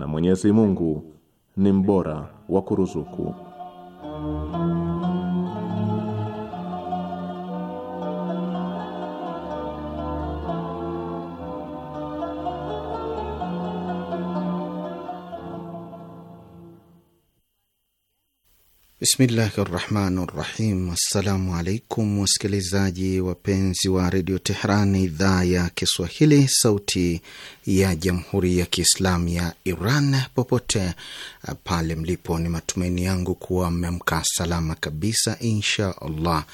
na Mwenyezi Mungu ni mbora wa kuruzuku. Bismillahi rahmani rahim. Assalamu alaikum wasikilizaji wapenzi wa redio Tehran, idhaa ya Kiswahili, sauti ya jamhuri ya Kiislamu ya Iran, popote pale mlipo, ni matumaini yangu kuwa mmeamka salama kabisa, insha allah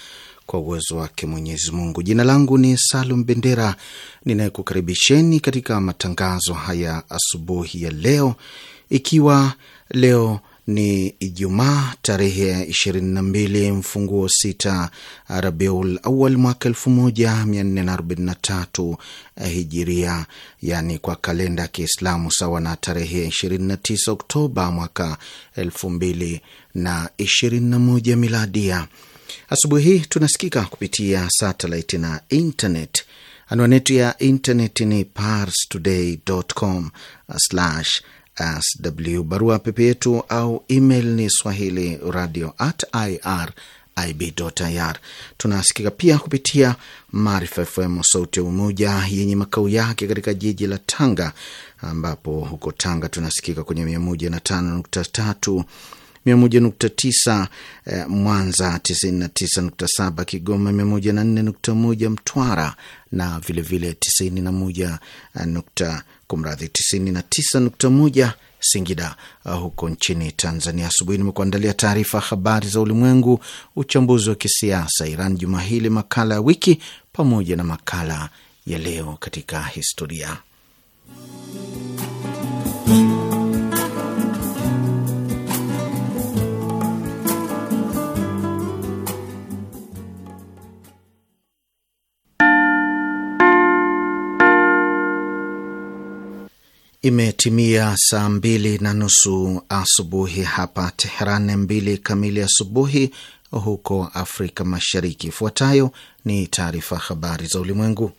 kwa uwezo wake Mwenyezi Mungu. Jina langu ni Salum Bendera ninayekukaribisheni katika matangazo haya asubuhi ya leo, ikiwa leo ni Ijumaa tarehe ya 22 mfunguo sita Rabiul Awal mwaka 1443 eh, Hijiria, yani kwa kalenda ya Kiislamu, sawa na tarehe 29 Oktoba mwaka 2021 Miladia. Asubuhi hii tunasikika kupitia satellite na internet. Anwani yetu ya internet ni parstoday.com/ sw. Barua pepe yetu au email ni swahili radio at irib.ir. Tunasikika pia kupitia Maarifa FM sauti ya Umoja yenye makao yake katika jiji la Tanga, ambapo huko Tanga tunasikika kwenye mia moja na tano nukta tatu 101.9 eh, Mwanza 99.7 Kigoma 104.1 Mtwara na vilevile 91 kumradhi 99.1 Singida uh, huko nchini Tanzania. Asubuhi nimekuandalia taarifa habari za ulimwengu, uchambuzi wa kisiasa, Iran juma hili, makala ya wiki pamoja na makala ya leo katika historia. Imetimia saa mbili na nusu asubuhi hapa Teheran, mbili kamili asubuhi huko Afrika Mashariki. Ifuatayo ni taarifa habari za ulimwengu,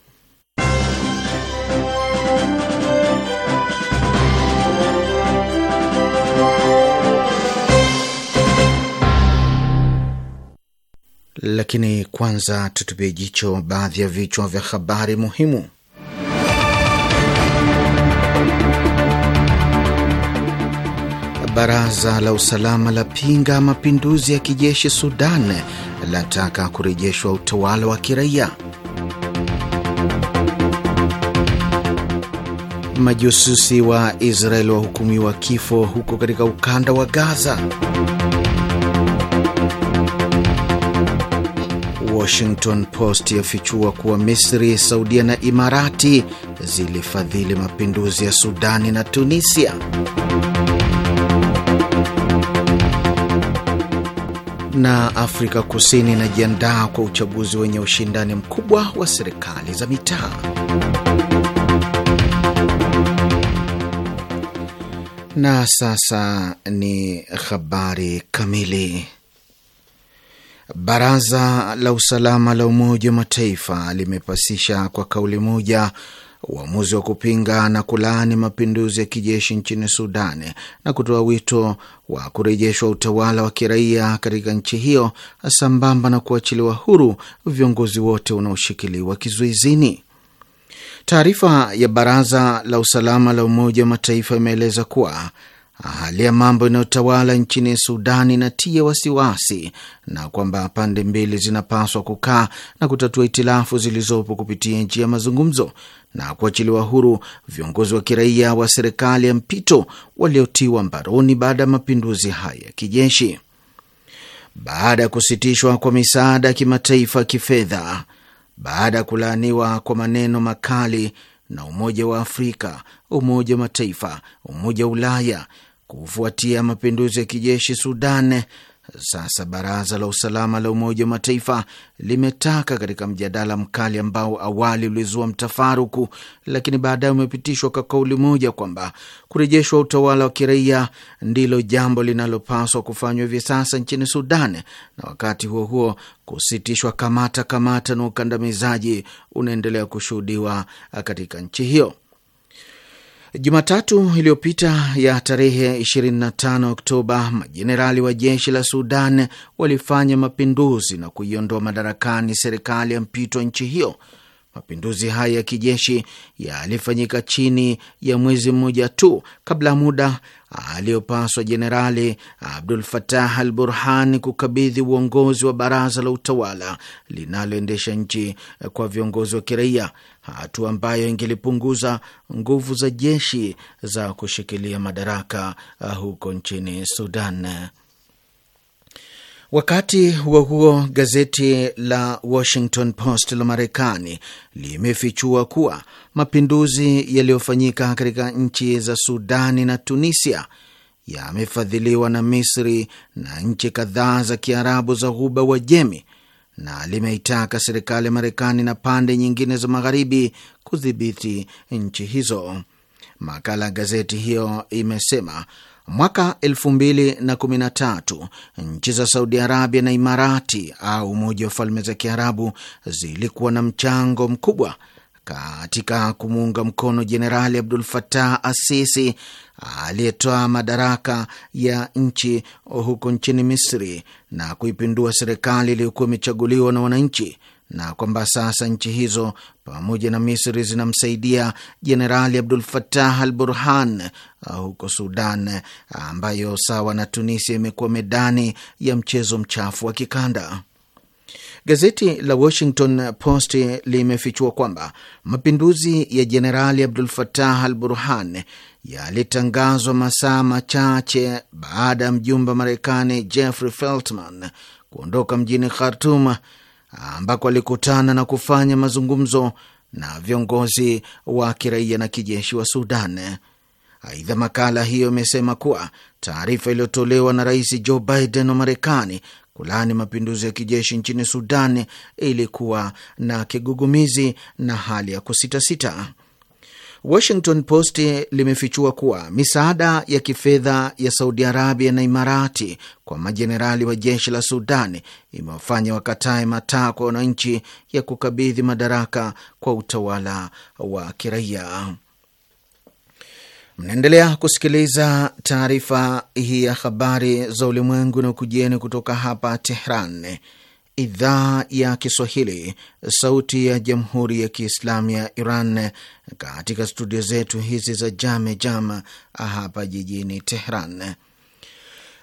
lakini kwanza tutupie jicho baadhi ya vichwa vya habari muhimu. Baraza la usalama la pinga mapinduzi ya kijeshi Sudan, lataka kurejeshwa utawala wa kiraia. Majususi wa Israeli wahukumiwa kifo huko katika ukanda wa Gaza. Washington Post yafichua kuwa Misri, Saudia na Imarati zilifadhili mapinduzi ya Sudani na Tunisia. na Afrika Kusini inajiandaa kwa uchaguzi wenye ushindani mkubwa wa serikali za mitaa. Na sasa ni habari kamili. Baraza la Usalama la Umoja wa Mataifa limepasisha kwa kauli moja uamuzi wa kupinga na kulaani mapinduzi ya kijeshi nchini Sudani na kutoa wito wa kurejeshwa utawala wa kiraia katika nchi hiyo sambamba na kuachiliwa huru viongozi wote wanaoshikiliwa kizuizini. Taarifa ya Baraza la Usalama la Umoja wa Mataifa imeeleza kuwa hali ya mambo inayotawala nchini Sudani inatia wasiwasi na kwamba pande mbili zinapaswa kukaa na kutatua itilafu zilizopo kupitia njia ya mazungumzo na kuachiliwa huru viongozi wa kiraia wa serikali ya mpito waliotiwa mbaroni baada ya mapinduzi haya ya kijeshi. Baada ya kusitishwa kwa misaada ya kimataifa kifedha, baada ya kulaaniwa kwa maneno makali na Umoja wa Afrika, Umoja wa Mataifa, Umoja wa Ulaya kufuatia mapinduzi ya kijeshi Sudan, sasa baraza la usalama la Umoja wa Mataifa limetaka katika mjadala mkali ambao awali ulizua mtafaruku, lakini baadaye umepitishwa kwa kauli moja kwamba kurejeshwa utawala wa kiraia ndilo jambo linalopaswa kufanywa hivi sasa nchini Sudan, na wakati huo huo kusitishwa kamata kamata na ukandamizaji unaendelea kushuhudiwa katika nchi hiyo. Jumatatu iliyopita ya tarehe 25 Oktoba, majenerali wa jeshi la Sudan walifanya mapinduzi na kuiondoa madarakani serikali ya mpito nchi hiyo. Mapinduzi haya ya kijeshi yalifanyika chini ya mwezi mmoja tu kabla ya muda aliyopaswa Jenerali Abdul Fatah al Burhan kukabidhi uongozi wa baraza la utawala linaloendesha nchi kwa viongozi wa kiraia hatua ambayo ingelipunguza nguvu za jeshi za kushikilia madaraka uh, huko nchini Sudan. Wakati huo huo, gazeti la Washington Post la Marekani limefichua kuwa mapinduzi yaliyofanyika katika nchi za Sudani na Tunisia yamefadhiliwa na Misri na nchi kadhaa za Kiarabu za Ghuba Wajemi na limeitaka serikali ya Marekani na pande nyingine za magharibi kudhibiti nchi hizo. Makala ya gazeti hiyo imesema mwaka elfu mbili na kumi na tatu nchi za Saudi Arabia na Imarati au Umoja wa Falme za Kiarabu zilikuwa na mchango mkubwa katika kumuunga mkono Jenerali Abdul fatah Asisi aliyetoa madaraka ya nchi huko nchini Misri na kuipindua serikali iliyokuwa imechaguliwa na wananchi na kwamba sasa nchi hizo pamoja na Misri zinamsaidia Jenerali Abdul fatah al Burhan huko Sudan, ambayo sawa na Tunisia imekuwa medani ya mchezo mchafu wa kikanda. Gazeti la Washington Post limefichua kwamba mapinduzi ya Jenerali Abdul Fatah al Burhan yalitangazwa masaa machache baada ya mjumbe wa Marekani Jeffrey Feltman kuondoka mjini Khartum ambako alikutana na kufanya mazungumzo na viongozi wa kiraia na kijeshi wa Sudan. Aidha, makala hiyo imesema kuwa taarifa iliyotolewa na Rais Joe Biden wa Marekani kulani mapinduzi ya kijeshi nchini Sudan ilikuwa na kigugumizi na hali ya kusitasita. Washington Post limefichua kuwa misaada ya kifedha ya Saudi Arabia na Imarati kwa majenerali wa jeshi la Sudan imewafanya wakatae matakwa wananchi ya kukabidhi madaraka kwa utawala wa kiraia. Mnaendelea kusikiliza taarifa hii ya habari za ulimwengu na ukujieni kutoka hapa Tehran, idhaa ya Kiswahili, sauti ya jamhuri ya kiislamu ya Iran, katika studio zetu hizi za Jame Jam hapa jijini Tehran.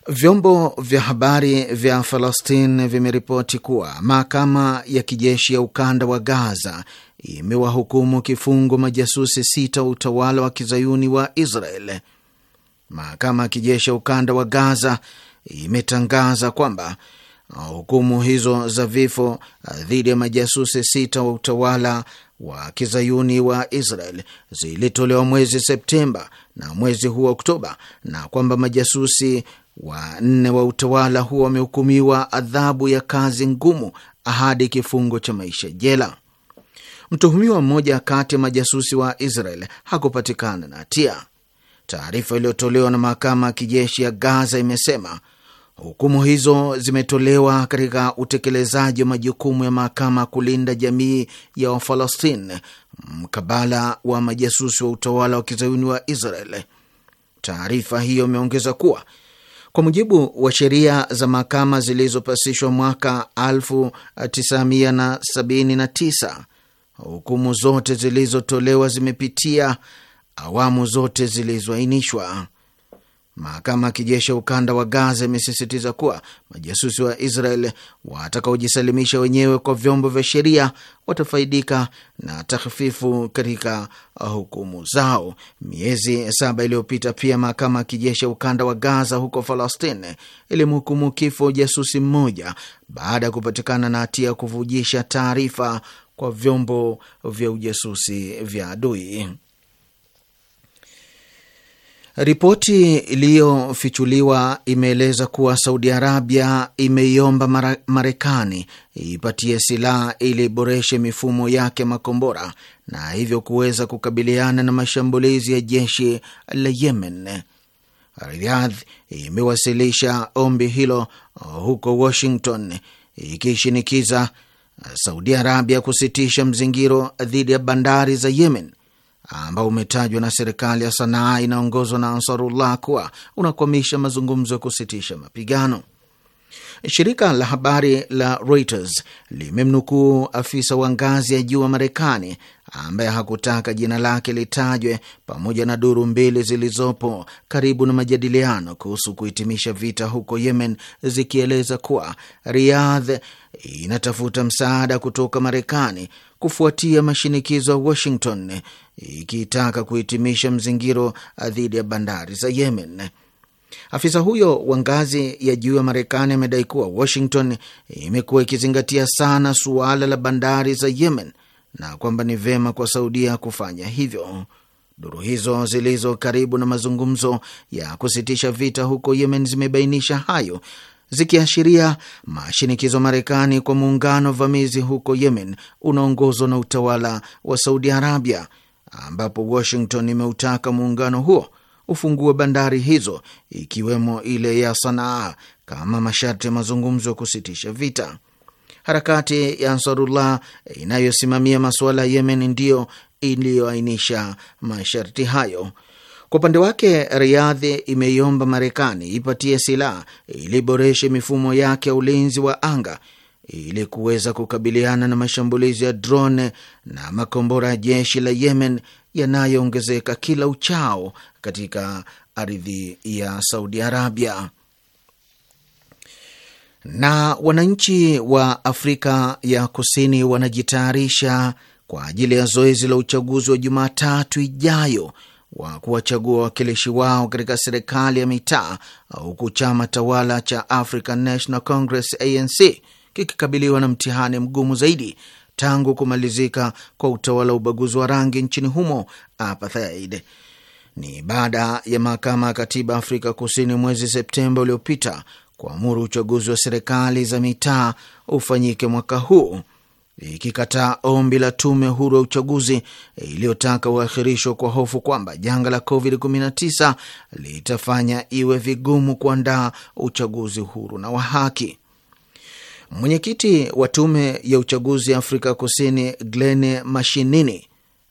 Vyombo vya habari vya Falastin vimeripoti kuwa mahakama ya kijeshi ya ukanda wa Gaza imewahukumu kifungo majasusi sita wa utawala wa kizayuni wa Israel. Mahakama ya kijeshi ya ukanda wa Gaza imetangaza kwamba hukumu hizo za vifo dhidi ya majasusi sita wa utawala wa kizayuni wa Israel zilitolewa mwezi Septemba na mwezi huu Oktoba, na kwamba majasusi wanne wa utawala huo wamehukumiwa adhabu ya kazi ngumu hadi kifungo cha maisha jela. Mtuhumiwa mmoja kati ya majasusi wa Israel hakupatikana na hatia. Taarifa iliyotolewa na mahakama ya kijeshi ya Gaza imesema hukumu hizo zimetolewa katika utekelezaji wa majukumu ya mahakama ya kulinda jamii ya Wafalastin mkabala wa majasusi wa utawala wa kizayuni wa Israel. Taarifa hiyo imeongeza kuwa kwa mujibu wa sheria za mahakama zilizopasishwa mwaka 1979 Hukumu zote zilizotolewa zimepitia awamu zote zilizoainishwa. Mahakama ya kijeshi ya ukanda wa Gaza imesisitiza kuwa majasusi wa Israel watakaojisalimisha wenyewe kwa vyombo vya sheria watafaidika na takhfifu katika hukumu zao. Miezi saba iliyopita, pia mahakama ya kijeshi ya ukanda wa Gaza huko Palestine ilimhukumu kifo jasusi mmoja baada ya kupatikana na hatia ya kuvujisha taarifa kwa vyombo vya ujasusi vya adui. Ripoti iliyofichuliwa imeeleza kuwa Saudi Arabia imeiomba Marekani ipatie silaha ili iboreshe mifumo yake makombora na hivyo kuweza kukabiliana na mashambulizi ya jeshi la Yemen. Riyadh imewasilisha ombi hilo huko Washington, ikishinikiza Saudi Arabia kusitisha mzingiro dhidi ya bandari za Yemen ambao umetajwa na serikali ya Sanaa inaongozwa na Ansarullah kuwa unakwamisha mazungumzo ya kusitisha mapigano. Shirika la habari la Reuters limemnukuu afisa wa ngazi ya juu wa Marekani ambaye hakutaka jina lake litajwe, pamoja na duru mbili zilizopo karibu na majadiliano kuhusu kuhitimisha vita huko Yemen zikieleza kuwa Riyadh inatafuta msaada kutoka Marekani kufuatia mashinikizo ya Washington ikitaka kuhitimisha mzingiro dhidi ya bandari za Yemen. Afisa huyo wa ngazi ya juu ya Marekani amedai kuwa Washington imekuwa ikizingatia sana suala la bandari za Yemen na kwamba ni vema kwa Saudia kufanya hivyo. Duru hizo zilizo karibu na mazungumzo ya kusitisha vita huko Yemen zimebainisha hayo zikiashiria mashinikizo Marekani kwa muungano vamizi huko Yemen unaongozwa na utawala wa Saudi Arabia, ambapo Washington imeutaka muungano huo ufungue bandari hizo ikiwemo ile ya Sanaa kama masharti ya mazungumzo ya kusitisha vita harakati ya Ansarullah inayosimamia masuala ya Yemen ndiyo iliyoainisha masharti hayo. Kwa upande wake, riadhi imeiomba Marekani ipatie silaha ili iboreshe mifumo yake ya ulinzi wa anga ili kuweza kukabiliana na mashambulizi ya drone na makombora ya jeshi la Yemen yanayoongezeka kila uchao katika ardhi ya Saudi Arabia. Na wananchi wa Afrika ya Kusini wanajitayarisha kwa ajili ya zoezi la uchaguzi wa Jumatatu ijayo wa kuwachagua wawakilishi wao katika serikali ya mitaa, huku chama tawala cha African National Congress ANC kikikabiliwa na mtihani mgumu zaidi tangu kumalizika kwa utawala wa ubaguzi wa rangi nchini humo apartheid. Ni baada ya mahakama ya katiba Afrika Kusini mwezi Septemba uliopita kuamuru uchaguzi wa serikali za mitaa ufanyike mwaka huu, ikikataa ombi la tume huru ya uchaguzi iliyotaka uahirishwa kwa hofu kwamba janga la COVID-19 litafanya iwe vigumu kuandaa uchaguzi huru na wa haki. Mwenyekiti wa tume ya uchaguzi Afrika Kusini Glen Mashinini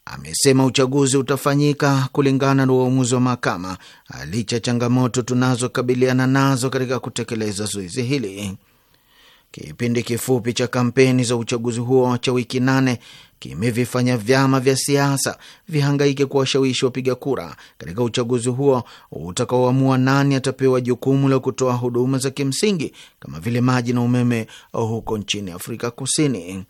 amesema uchaguzi utafanyika kulingana na uamuzi wa mahakama licha changamoto tunazokabiliana nazo katika kutekeleza zoezi hili. Kipindi kifupi cha kampeni za uchaguzi huo cha wiki nane kimevifanya vyama vya siasa vihangaike kuwashawishi wapiga kura katika uchaguzi huo utakaoamua nani atapewa jukumu la kutoa huduma za kimsingi kama vile maji na umeme huko nchini Afrika Kusini.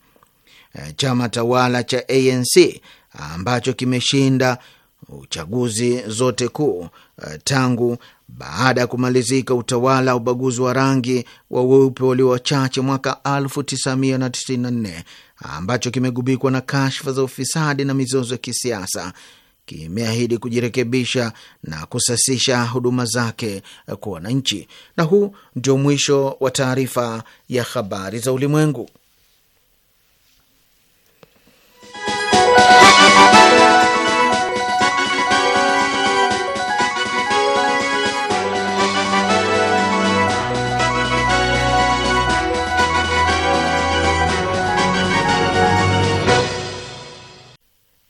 Chama tawala cha ANC ambacho kimeshinda uchaguzi zote kuu uh, tangu baada ya kumalizika utawala wa ubaguzi wa rangi wa weupe walio wachache mwaka 1994 ambacho kimegubikwa na kashfa za ufisadi na mizozo ya kisiasa kimeahidi kujirekebisha na kusasisha huduma zake kwa wananchi. Na huu ndio mwisho wa taarifa ya habari za ulimwengu.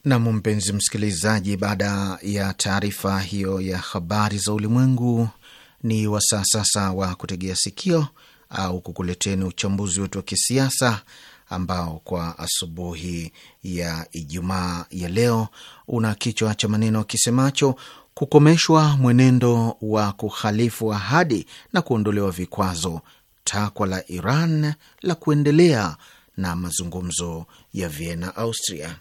Nam, mpenzi msikilizaji, baada ya taarifa hiyo ya habari za ulimwengu, ni wasaa sasa wa kutegea sikio au kukuleteni uchambuzi wetu wa kisiasa ambao kwa asubuhi ya Ijumaa ya leo una kichwa cha maneno kisemacho kukomeshwa mwenendo wa kuhalifu ahadi na kuondolewa vikwazo, takwa la Iran la kuendelea na mazungumzo ya Vienna, Austria.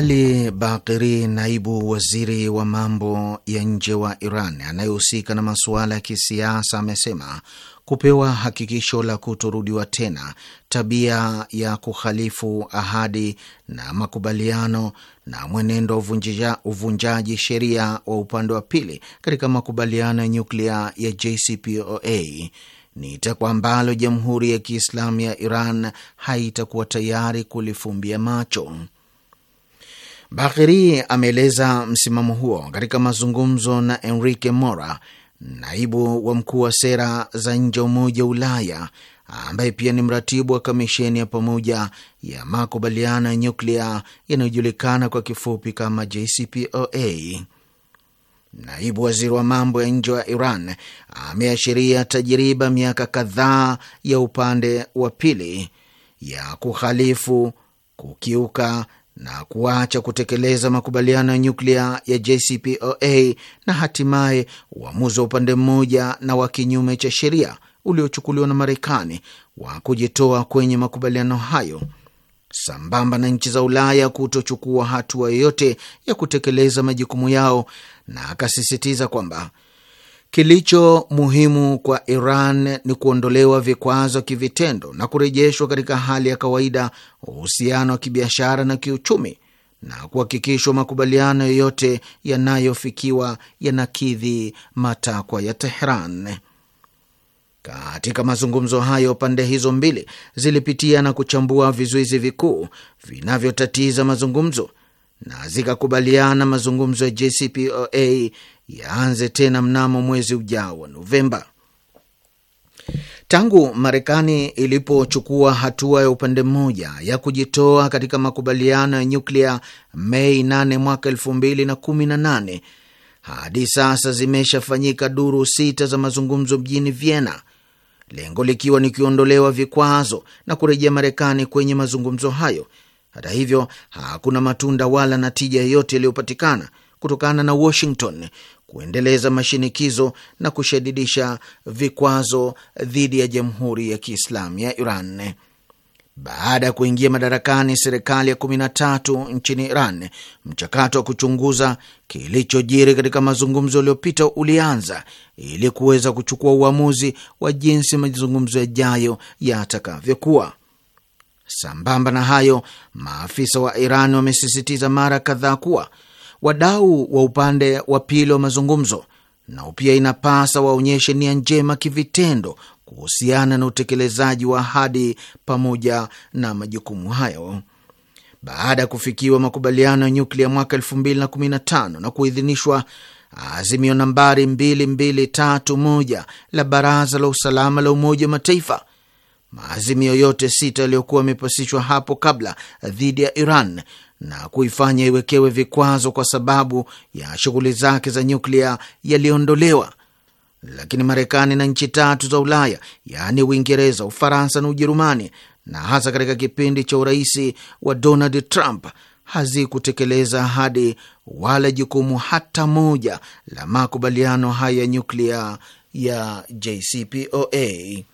Ali Bakiri, naibu waziri wa mambo ya nje wa Iran anayehusika na masuala ya kisiasa, amesema kupewa hakikisho la kutorudiwa tena tabia ya kuhalifu ahadi na makubaliano na mwenendo wa uvunjaji sheria wa upande wa pili katika makubaliano ya nyuklia ya JCPOA ni takwa ambalo Jamhuri ya Kiislamu ya Iran haitakuwa tayari kulifumbia macho. Bagheri ameeleza msimamo huo katika mazungumzo na Enrique Mora, naibu wa mkuu wa sera za nje wa Umoja wa Ulaya ambaye pia ni mratibu wa kamisheni ya pamoja ya makubaliano ya nyuklia yanayojulikana kwa kifupi kama JCPOA. Naibu waziri wa mambo ya nje wa Iran ameashiria tajiriba miaka kadhaa ya upande wa pili ya kuhalifu, kukiuka na kuacha kutekeleza makubaliano ya nyuklia ya JCPOA na hatimaye uamuzi wa upande mmoja na wa kinyume cha sheria uliochukuliwa na Marekani wa kujitoa kwenye makubaliano hayo sambamba na nchi za Ulaya kutochukua hatua yoyote ya kutekeleza majukumu yao, na akasisitiza kwamba Kilicho muhimu kwa Iran ni kuondolewa vikwazo kivitendo na kurejeshwa katika hali ya kawaida uhusiano wa kibiashara na kiuchumi na kuhakikishwa makubaliano yoyote yanayofikiwa yanakidhi matakwa ya Tehran. Katika mazungumzo hayo, pande hizo mbili zilipitia na kuchambua vizuizi vikuu vinavyotatiza mazungumzo na zikakubaliana mazungumzo ya JCPOA yaanze tena mnamo mwezi ujao wa Novemba. Tangu Marekani ilipochukua hatua ya upande mmoja ya kujitoa katika makubaliano ya nyuklia Mei 8 mwaka 2018 hadi sasa zimeshafanyika duru sita za mazungumzo mjini Vienna, lengo likiwa ni kuondolewa vikwazo na kurejea Marekani kwenye mazungumzo hayo. Hata hivyo, hakuna matunda wala natija yoyote yaliyopatikana kutokana na Washington kuendeleza mashinikizo na kushadidisha vikwazo dhidi ya Jamhuri ya Kiislamu ya Iran. Baada ya kuingia madarakani serikali ya kumi na tatu nchini Iran, mchakato wa kuchunguza kilichojiri katika mazungumzo yaliyopita ulianza ili kuweza kuchukua uamuzi wa jinsi mazungumzo yajayo yatakavyokuwa. Sambamba na hayo, maafisa wa Iran wamesisitiza mara kadhaa kuwa wadau wa upande wa pili wa mazungumzo nao pia inapasa waonyeshe nia njema kivitendo kuhusiana na utekelezaji wa ahadi pamoja na majukumu hayo. Baada ya kufikiwa makubaliano ya nyuklia mwaka 2015 na kuidhinishwa azimio nambari 2231 la Baraza la Usalama la Umoja wa Mataifa, maazimio yote sita yaliyokuwa yamepasishwa hapo kabla dhidi ya Iran na kuifanya iwekewe vikwazo kwa sababu ya shughuli zake za nyuklia yaliondolewa, lakini Marekani na nchi tatu za Ulaya yaani Uingereza, Ufaransa na Ujerumani, na hasa katika kipindi cha urais wa Donald Trump hazikutekeleza ahadi wala jukumu hata moja la makubaliano haya ya nyuklia ya JCPOA.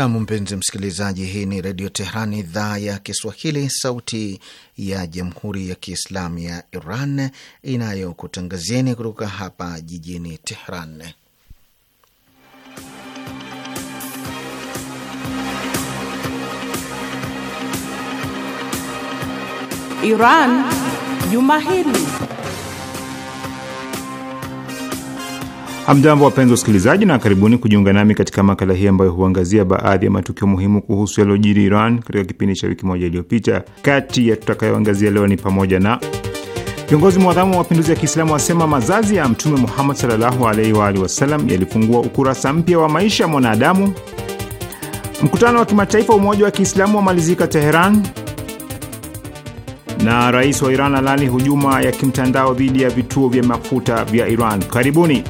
Nam, mpenzi msikilizaji, hii ni Redio Tehran, idhaa ya Kiswahili, sauti ya Jamhuri ya Kiislamu ya Iran inayokutangazieni kutoka hapa jijini Tehran. Iran Juma Hili. Hamjambo, wapenzi wasikilizaji, na karibuni kujiunga nami katika makala hii ambayo huangazia baadhi ya matukio muhimu kuhusu yaliyojiri Iran katika kipindi cha wiki moja iliyopita. Kati ya tutakayoangazia leo ni pamoja na viongozi mwadhamu wa mapinduzi ya Kiislamu wasema mazazi ya Mtume Muhammad sallallahu alaihi wa alihi wasallam yalifungua ukurasa mpya wa maisha ya mwanadamu; mkutano wa kimataifa umoja wa Kiislamu wamalizika Teheran; na rais wa Iran alani hujuma ya kimtandao dhidi ya vituo vya mafuta vya Iran. Karibuni.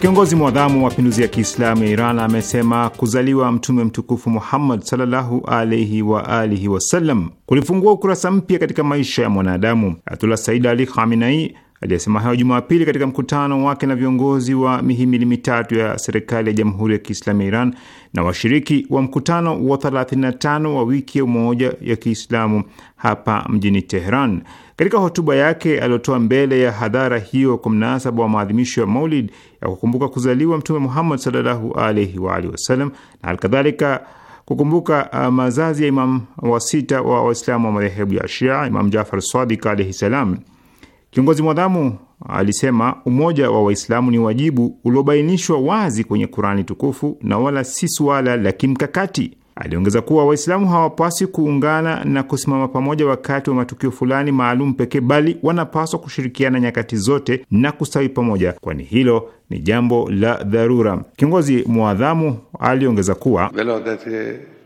Kiongozi mwadhamu wa mapinduzi ya Kiislamu ya Iran amesema kuzaliwa Mtume mtukufu Muhammad sallallahu alaihi wa alihi wasallam kulifungua ukurasa mpya katika maisha ya mwanadamu. Atula Said Ali Khamenei Aliyesema hayo Jumapili katika mkutano wake na viongozi wa mihimili mitatu ya serikali ya Jamhuri ya Kiislamu ya Iran na washiriki wa mkutano wa 35 wa wiki ya Umoja ya Kiislamu hapa mjini Teheran. Katika hotuba yake aliyotoa mbele ya hadhara hiyo kwa mnasaba wa maadhimisho ya Maulid ya kukumbuka kuzaliwa Mtume Muhammad sallallahu alaihi wa alihi wasallam na halikadhalika kukumbuka uh, mazazi ya Imam wa sita wa Waislamu wa madhehebu ya Shia, Imam Jafar Sadik alaihi salam Kiongozi mwadhamu alisema umoja wa Waislamu ni wajibu uliobainishwa wazi kwenye Kurani tukufu na wala si suala la kimkakati. Aliongeza kuwa Waislamu hawapaswi kuungana na kusimama pamoja wakati wa matukio fulani maalum pekee, bali wanapaswa kushirikiana nyakati zote na kustawi pamoja, kwani hilo ni jambo la dharura. Kiongozi mwadhamu aliongeza kuwa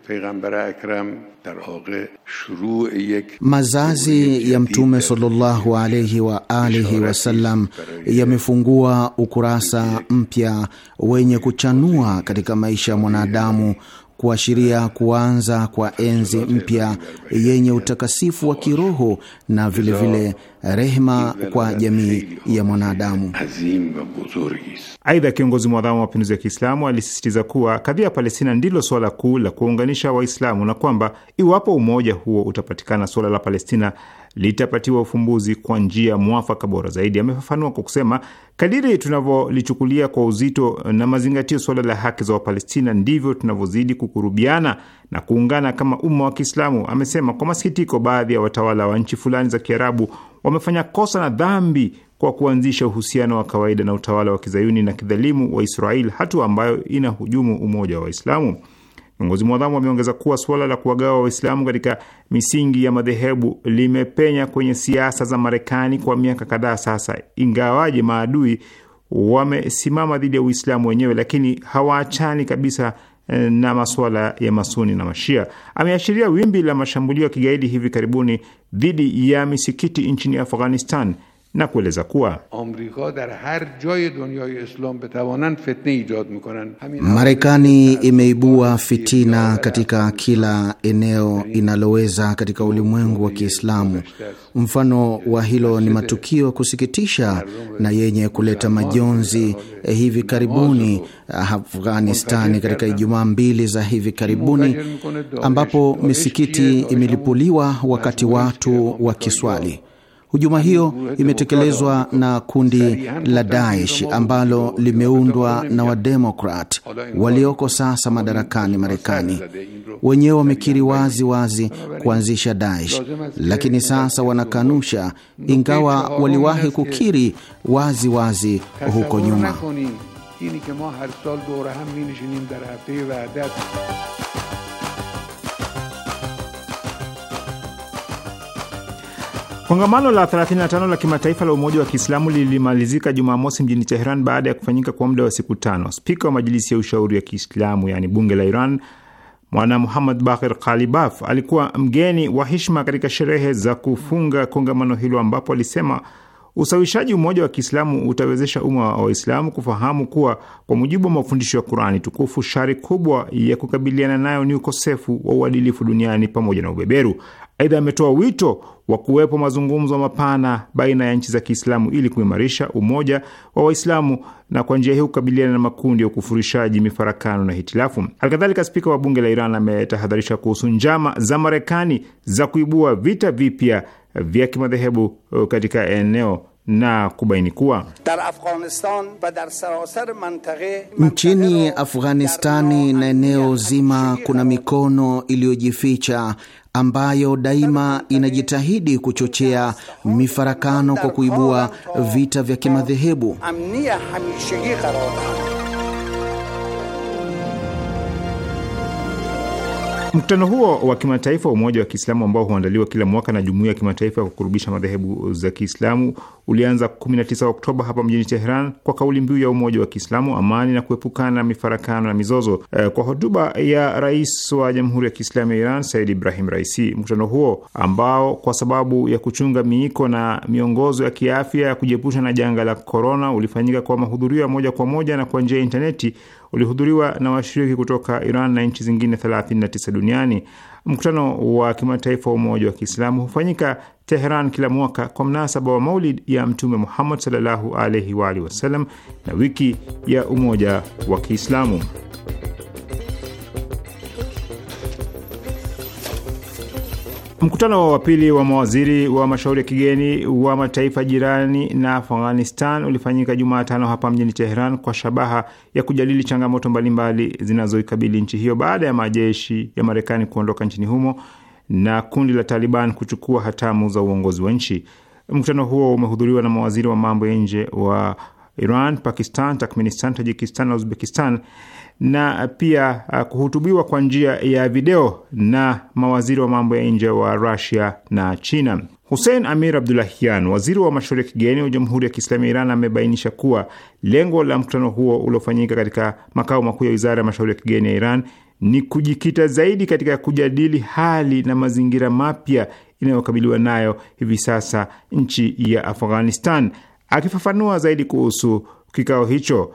Peygamber اکرم در واقع shuru yek mazazi ya mtume sallallahu alayhi wa alihi wasallam yamefungua ukurasa mpya wenye kuchanua katika maisha ya mwanadamu kuashiria kuanza kwa enzi mpya yenye utakasifu wa kiroho na vilevile vile rehma kwa jamii ya mwanadamu. Aidha, kiongozi mwadhamu wa mapinduzi ya Kiislamu alisisitiza kuwa kadhia ya Palestina ndilo suala kuu la kuwaunganisha Waislamu na kwamba iwapo umoja huo utapatikana, suala la Palestina litapatiwa ufumbuzi kwa njia mwafaka bora zaidi. Amefafanua kwa kusema, kadiri tunavyolichukulia kwa uzito na mazingatio suala la haki za Wapalestina, ndivyo tunavyozidi kukurubiana na kuungana kama umma wa Kiislamu. Amesema kwa masikitiko, baadhi ya watawala wa nchi fulani za Kiarabu wamefanya kosa na dhambi kwa kuanzisha uhusiano wa kawaida na utawala wa kizayuni na kidhalimu wa Israel, hatua ambayo inahujumu umoja wa Waislamu. Viongozi mwadhamu wameongeza kuwa suala la kuwagawa Waislamu katika misingi ya madhehebu limepenya kwenye siasa za Marekani kwa miaka kadhaa sasa, ingawaje maadui wamesimama dhidi ya Uislamu wenyewe, lakini hawaachani kabisa eh, na masuala ya masuni na mashia. Ameashiria wimbi la mashambulio ya kigaidi hivi karibuni dhidi ya misikiti nchini Afghanistan na kueleza kuwa Marekani imeibua fitina katika kila eneo inaloweza katika ulimwengu wa Kiislamu. Mfano wa hilo ni matukio ya kusikitisha na yenye kuleta majonzi eh, hivi karibuni eh, Afghanistani, katika Ijumaa mbili za hivi karibuni, ambapo misikiti imelipuliwa wakati watu wakiswali. Hujuma yaani hiyo imetekelezwa na kundi yaani la Daesh ambalo limeundwa na Wademokrat walioko sasa madarakani Marekani. Wenyewe wamekiri wazi wazi kuanzisha Daesh, lakini sasa wanakanusha, ingawa waliwahi kukiri wazi wazi huko nyuma. Kongamano la 35 la kimataifa la Umoja wa Kiislamu lilimalizika Jumamosi mjini Teheran baada ya kufanyika kwa muda wa siku tano. Spika wa Majilisi ya Ushauri ya Kiislamu, yaani bunge la Iran, Mwana Muhammad Bakir Kalibaf alikuwa mgeni wa heshima katika sherehe za kufunga kongamano hilo, ambapo alisema usawishaji umoja wa Kiislamu utawezesha umma wa Waislamu kufahamu kuwa kwa mujibu wa mafundisho ya qurani tukufu shari kubwa ya kukabiliana nayo ni ukosefu wa uadilifu duniani pamoja na ubeberu. Aidha, ametoa wito wa kuwepo mazungumzo mapana baina ya nchi za Kiislamu ili kuimarisha umoja wa Waislamu na kwa njia hii kukabiliana na makundi ya ukufurishaji, mifarakano na hitilafu. Halikadhalika, spika wa bunge la Iran ametahadharisha kuhusu njama za Marekani za kuibua vita vipya vya kimadhehebu uh, katika eneo na kubaini kuwa nchini Afghanistani na eneo zima kuna mikono iliyojificha ambayo daima inajitahidi kuchochea mifarakano kwa kuibua vita vya kimadhehebu. Mkutano huo wa kimataifa wa Umoja wa Kiislamu ambao huandaliwa kila mwaka na jumuia ya Kimataifa ya Kukurubisha Madhehebu za Kiislamu ulianza 19 Oktoba hapa mjini Teheran kwa kauli mbiu ya Umoja wa Kiislamu, amani na kuepukana na mifarakano na mizozo, eh, kwa hotuba ya Rais wa Jamhuri ya Kiislamu ya Iran Said Ibrahim Raisi. Mkutano huo ambao kwa sababu ya kuchunga miiko na miongozo ya kiafya ya kujiepusha na janga la korona ulifanyika kwa mahudhurio ya moja kwa moja na kwa njia ya intaneti ulihudhuriwa na washiriki kutoka Iran na nchi zingine 39 duniani. Mkutano wa kimataifa wa Umoja wa Kiislamu hufanyika Teheran kila mwaka kwa mnasaba wa Maulid ya Mtume Muhammad sallallahu alaihi wa alihi wasallam na wiki ya Umoja wa Kiislamu. Mkutano wa pili wa mawaziri wa mashauri ya kigeni wa mataifa jirani na Afghanistan ulifanyika Jumatano hapa mjini Teheran kwa shabaha ya kujadili changamoto mbalimbali zinazoikabili nchi hiyo baada ya majeshi ya Marekani kuondoka nchini humo na kundi la Taliban kuchukua hatamu za uongozi wa nchi. Mkutano huo umehudhuriwa na mawaziri wa mambo ya nje wa Iran, Pakistan, Turkmenistan, Tajikistan na Uzbekistan na pia uh, kuhutubiwa kwa njia ya video na mawaziri wa mambo ya nje wa Rusia na China. Hussein Amir Abdulahian, waziri wa mashauri ya kigeni wa Jamhuri ya Kiislamu ya Iran, amebainisha kuwa lengo la mkutano huo uliofanyika katika makao makuu ya wizara ya mashauri ya kigeni ya Iran ni kujikita zaidi katika kujadili hali na mazingira mapya inayokabiliwa nayo hivi sasa nchi ya Afghanistan. Akifafanua zaidi kuhusu kikao hicho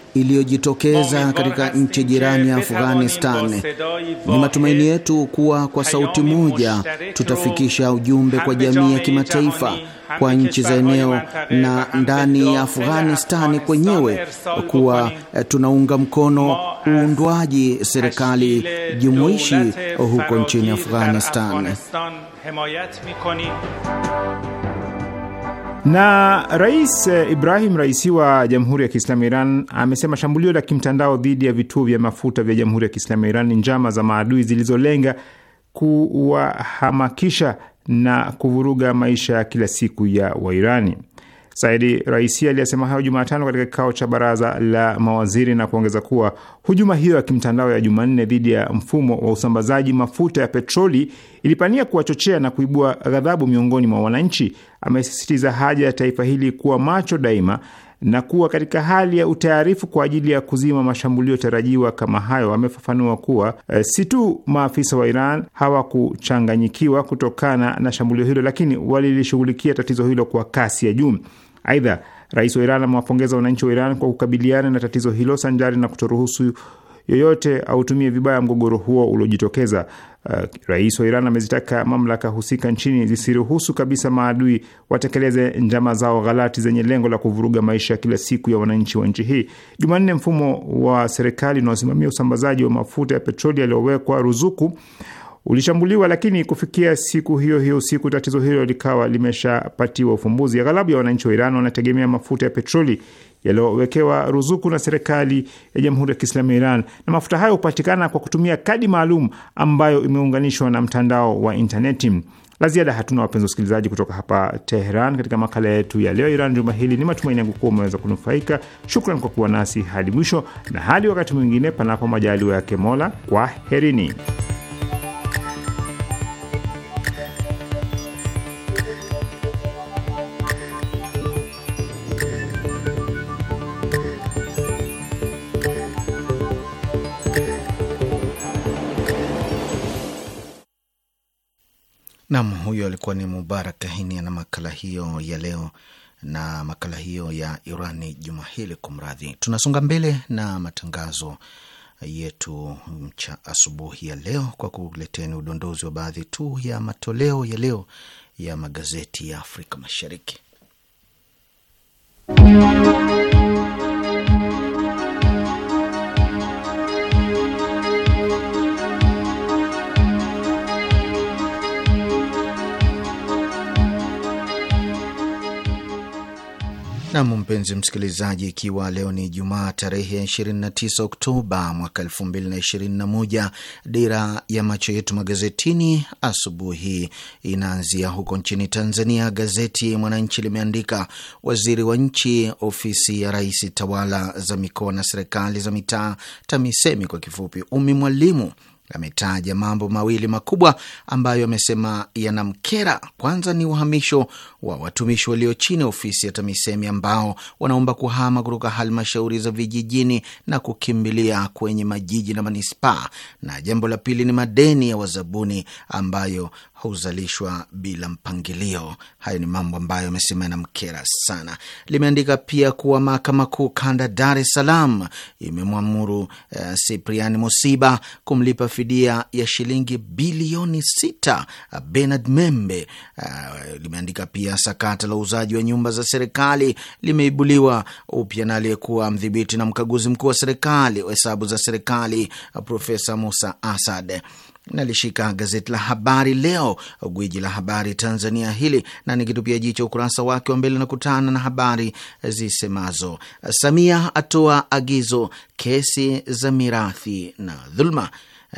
iliyojitokeza katika nchi jirani ya Afghanistan. Ni matumaini yetu kuwa kwa sauti moja tutafikisha ujumbe kwa jamii ya kimataifa, kwa nchi za eneo na ndani ya Afghanistani kwenyewe kuwa eh, tunaunga mkono uundwaji serikali jumuishi huko nchini Afghanistan. Na Rais eh, Ibrahim Raisi wa Jamhuri ya Kiislamu ya Iran amesema shambulio la kimtandao dhidi ya vituo vya mafuta vya Jamhuri ya Kiislamu ya Iran ni njama za maadui zilizolenga kuwahamakisha na kuvuruga maisha ya kila siku ya Wairani. Saidi Raisi aliyesema hayo Jumatano katika kikao cha baraza la mawaziri na kuongeza kuwa hujuma hiyo ya kimtandao ya Jumanne dhidi ya mfumo wa usambazaji mafuta ya petroli ilipania kuwachochea na kuibua ghadhabu miongoni mwa wananchi. Amesisitiza haja ya taifa hili kuwa macho daima na kuwa katika hali ya utayarifu kwa ajili ya kuzima mashambulio tarajiwa kama hayo. Amefafanua kuwa e, si tu maafisa wa Iran hawakuchanganyikiwa kutokana na shambulio hilo, lakini walilishughulikia tatizo hilo kwa kasi ya juu. Aidha, rais wa Iran amewapongeza wananchi wa Iran kwa kukabiliana na tatizo hilo sanjari na kutoruhusu yoyote autumie vibaya mgogoro huo uliojitokeza. Uh, rais wa Iran amezitaka mamlaka husika nchini zisiruhusu kabisa maadui watekeleze njama zao ghalati zenye lengo la kuvuruga maisha ya kila siku ya wananchi wa nchi hii. Jumanne, mfumo wa serikali unaosimamia usambazaji wa mafuta ya petroli yaliyowekwa ruzuku ulishambuliwa, lakini kufikia siku hiyo hiyo usiku tatizo hilo likawa limeshapatiwa ufumbuzi. Aghalabu ya wananchi wa Iran wanategemea mafuta ya petroli yaliyowekewa ruzuku na serikali ya Jamhuri ya Kiislamu ya Iran, na mafuta hayo hupatikana kwa kutumia kadi maalum ambayo imeunganishwa na mtandao wa intaneti. La ziada hatuna, wapenzi wasikilizaji, kutoka hapa Teheran katika makala yetu ya leo Iran juma hili. Ni matumaini yangu kuwa umeweza kunufaika. Shukran kwa kuwa nasi hadi mwisho, na hadi wakati mwingine, panapo majaliwa yake Mola, kwa herini Nam, huyo alikuwa ni Mubarak Kahini na makala hiyo ya leo na makala hiyo ya Irani juma hili. Kumradhi, tunasonga mbele na matangazo yetu mcha asubuhi ya leo kwa kuleteni udondozi wa baadhi tu ya matoleo ya leo ya magazeti ya Afrika Mashariki Nam, mpenzi msikilizaji, ikiwa leo ni Jumaa tarehe ya 29 Oktoba mwaka 2021, dira ya macho yetu magazetini asubuhi inaanzia huko nchini Tanzania. Gazeti Mwananchi limeandika waziri wa nchi ofisi ya rais, tawala za mikoa na serikali za mitaa, TAMISEMI kwa kifupi, Umi Mwalimu ametaja mambo mawili makubwa ambayo amesema yanamkera. Kwanza ni uhamisho wa watumishi walio chini ya ofisi ya TAMISEMI ambao wanaomba kuhama kutoka halmashauri za vijijini na kukimbilia kwenye majiji na manispaa, na jambo la pili ni madeni ya wazabuni ambayo huzalishwa bila mpangilio. Hayo ni mambo ambayo amesema yanamkera sana. Limeandika pia kuwa mahakama kuu kanda Dar es Salaam imemwamuru eh, Cyprian Musiba kumlipa fidia ya shilingi bilioni sita eh, Bernard Membe. Uh, limeandika pia sakata la uuzaji wa nyumba za serikali limeibuliwa upya na aliyekuwa mdhibiti na mkaguzi mkuu wa serikali wa hesabu za serikali eh, Profesa Musa Asad nalishika gazeti la Habari Leo, gwiji la habari Tanzania hili, na nikitupia jicho ukurasa wake wa mbele na kutana na habari zisemazo: Samia atoa agizo kesi za mirathi na dhuluma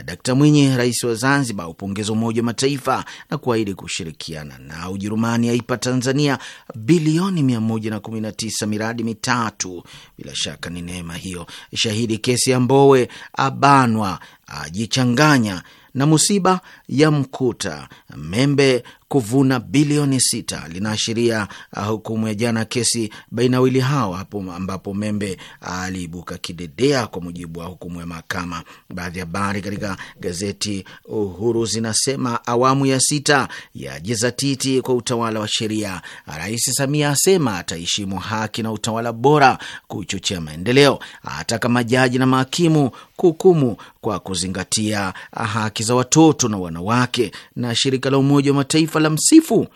dakta Mwinyi, rais wa Zanzibar, upongeza Umoja wa Mataifa na kuahidi kushirikiana na Ujerumani. Aipa Tanzania bilioni 119 miradi mitatu. Bila shaka ni neema hiyo. Shahidi kesi ya Mbowe abanwa ajichanganya na musiba ya mkuta Membe kuvuna bilioni sita linaashiria uh, hukumu ya jana kesi baina wili hawa hapo, ambapo Membe aliibuka kidedea kwa mujibu wa hukumu ya mahakama. Baadhi ya habari katika gazeti Uhuru zinasema awamu ya sita ya jizatiti kwa utawala wa sheria. Rais Samia asema ataheshimu haki na utawala bora kuchochea maendeleo, hata kama jaji na mahakimu kuhukumu kwa kuzingatia haki za watoto na wanawake na shirika la Umoja wa Mataifa la msifu